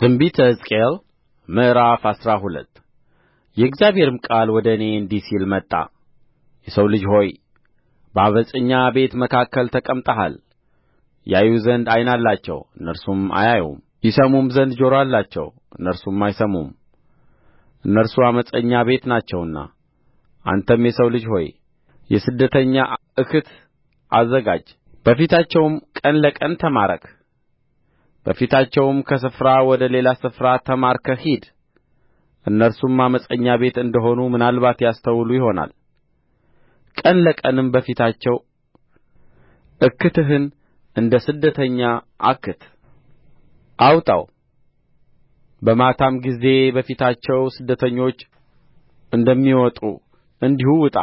ትንቢተ ሕዝቅኤል ምዕራፍ አስራ ሁለት የእግዚአብሔርም ቃል ወደ እኔ እንዲህ ሲል መጣ የሰው ልጅ ሆይ በዓመፀኛ ቤት መካከል ተቀምጠሃል ያዩ ዘንድ ዓይን አላቸው እነርሱም አያዩም ይሰሙም ዘንድ ጆሮ አላቸው እነርሱም አይሰሙም እነርሱ ዓመፀኛ ቤት ናቸውና አንተም የሰው ልጅ ሆይ የስደተኛ እክት አዘጋጅ በፊታቸውም ቀን ለቀን ተማረክ በፊታቸውም ከስፍራ ወደ ሌላ ስፍራ ተማርከህ ሂድ እነርሱም ዓመፀኛ ቤት እንደ ሆኑ ምናልባት ያስተውሉ ይሆናል ቀን ለቀንም በፊታቸው እክትህን እንደ ስደተኛ አክት አውጣው በማታም ጊዜ በፊታቸው ስደተኞች እንደሚወጡ እንዲሁ ውጣ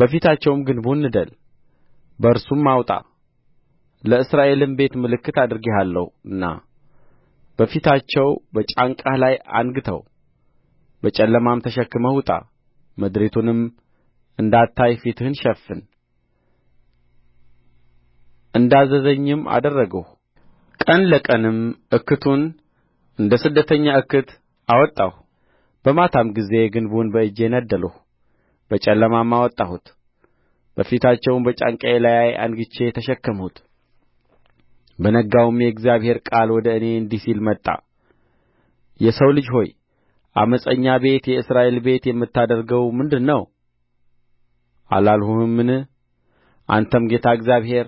በፊታቸውም ግንቡን ንደል በእርሱም አውጣ ለእስራኤልም ቤት ምልክት አድርጌሃለሁና በፊታቸው በጫንቃህ ላይ አንግተው በጨለማም ተሸክመህ ውጣ ምድሪቱንም እንዳታይ ፊትህን ሸፍን እንዳዘዘኝም አደረግሁ ቀን ለቀንም እክቱን እንደ ስደተኛ እክት አወጣሁ በማታም ጊዜ ግንቡን በእጄ ነደልሁ በጨለማም አወጣሁት በፊታቸውም በጫንቃዬ ላይ አንግቼ ተሸከምሁት በነጋውም የእግዚአብሔር ቃል ወደ እኔ እንዲህ ሲል መጣ የሰው ልጅ ሆይ ዓመፀኛ ቤት የእስራኤል ቤት የምታደርገው ምንድር ነው አላልሁህምን አንተም ጌታ እግዚአብሔር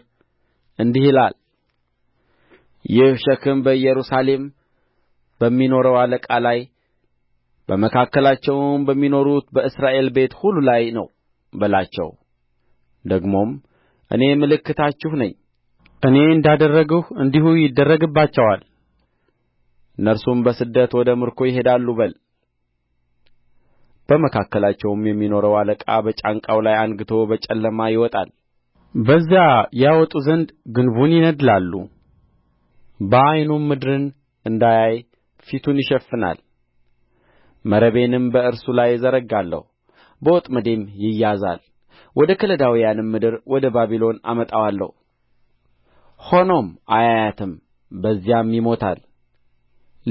እንዲህ ይላል ይህ ሸክም በኢየሩሳሌም በሚኖረው አለቃ ላይ በመካከላቸውም በሚኖሩት በእስራኤል ቤት ሁሉ ላይ ነው በላቸው ደግሞም እኔ ምልክታችሁ ነኝ እኔ እንዳደረግሁ እንዲሁ ይደረግባቸዋል እነርሱም በስደት ወደ ምርኮ ይሄዳሉ በል በመካከላቸውም የሚኖረው አለቃ በጫንቃው ላይ አንግቶ በጨለማ ይወጣል በዚያ ያወጡ ዘንድ ግንቡን ይነድላሉ በዓይኑም ምድርን እንዳያይ ፊቱን ይሸፍናል መረቤንም በእርሱ ላይ እዘረጋለሁ በወጥመዴም ይያዛል ወደ ከለዳውያንም ምድር ወደ ባቢሎን አመጣዋለሁ ሆኖም አያያትም በዚያም ይሞታል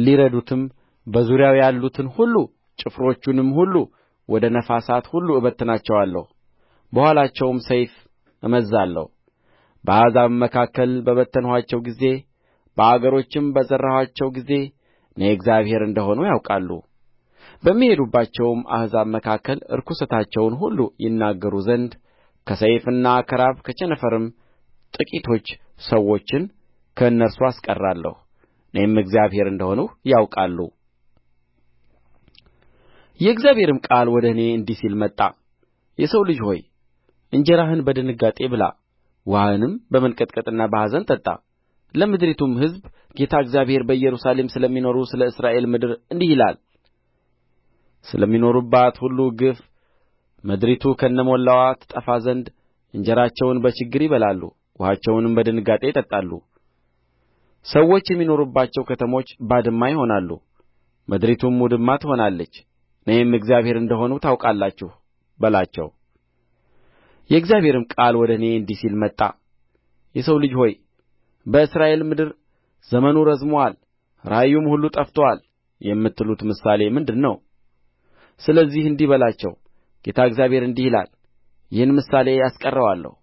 ሊረዱትም በዙሪያው ያሉትን ሁሉ ጭፍሮቹንም ሁሉ ወደ ነፋሳት ሁሉ እበትናቸዋለሁ በኋላቸውም ሰይፍ እመዝዛለሁ በአሕዛብም መካከል በበተንኋቸው ጊዜ በአገሮችም በዘራኋቸው ጊዜ እኔ እግዚአብሔር እንደ ሆንሁ ያውቃሉ በሚሄዱባቸውም አሕዛብ መካከል ርኵሰታቸውን ሁሉ ይናገሩ ዘንድ ከሰይፍና ከራብ ከቸነፈርም ጥቂቶች ሰዎችን ከእነርሱ አስቀራለሁ እኔም እግዚአብሔር እንደ ሆንሁ ያውቃሉ የእግዚአብሔርም ቃል ወደ እኔ እንዲህ ሲል መጣ የሰው ልጅ ሆይ እንጀራህን በድንጋጤ ብላ ውኃህንም በመንቀጥቀጥና በኀዘን ጠጣ ለምድሪቱም ሕዝብ ጌታ እግዚአብሔር በኢየሩሳሌም ስለሚኖሩ ስለ እስራኤል ምድር እንዲህ ይላል ስለሚኖሩባት ሁሉ ግፍ ምድሪቱ ከነሞላዋ ትጠፋ ዘንድ እንጀራቸውን በችግር ይበላሉ ውኃቸውንም በድንጋጤ ይጠጣሉ ሰዎች የሚኖሩባቸው ከተሞች ባድማ ይሆናሉ ምድሪቱም ውድማ ትሆናለች እኔም እግዚአብሔር እንደ ሆንሁ ታውቃላችሁ በላቸው የእግዚአብሔርም ቃል ወደ እኔ እንዲህ ሲል መጣ የሰው ልጅ ሆይ በእስራኤል ምድር ዘመኑ ረዝሞአል ራእዩም ሁሉ ጠፍቶአል የምትሉት ምሳሌ ምንድር ነው ስለዚህ እንዲህ በላቸው ጌታ እግዚአብሔር እንዲህ ይላል ይህን ምሳሌ አስቀረዋለሁ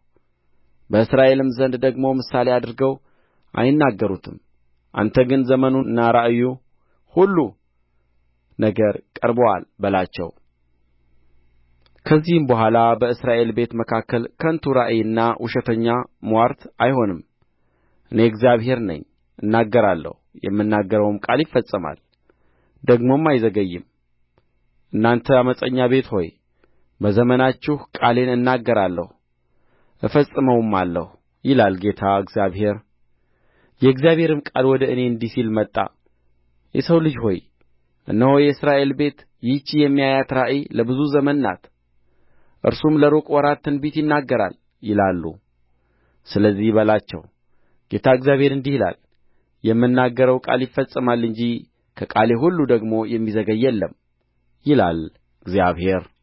በእስራኤልም ዘንድ ደግሞ ምሳሌ አድርገው አይናገሩትም አንተ ግን ዘመኑና ራእዩ ሁሉ ነገር ቀርቦአል በላቸው ከዚህም በኋላ በእስራኤል ቤት መካከል ከንቱ ራእይና ውሸተኛ ምዋርት አይሆንም እኔ እግዚአብሔር ነኝ እናገራለሁ የምናገረውም ቃል ይፈጸማል ደግሞም አይዘገይም እናንተ ዓመፀኛ ቤት ሆይ በዘመናችሁ ቃሌን እናገራለሁ እፈጽመውማለሁ ይላል ጌታ እግዚአብሔር የእግዚአብሔርም ቃል ወደ እኔ እንዲህ ሲል መጣ የሰው ልጅ ሆይ እነሆ የእስራኤል ቤት ይህች የሚያያት ራእይ ለብዙ ዘመን ናት እርሱም ለሩቅ ወራት ትንቢት ይናገራል ይላሉ ስለዚህ በላቸው ጌታ እግዚአብሔር እንዲህ ይላል የምናገረው ቃል ይፈጸማል እንጂ ከቃሌ ሁሉ ደግሞ የሚዘገይ የለም ይላል እግዚአብሔር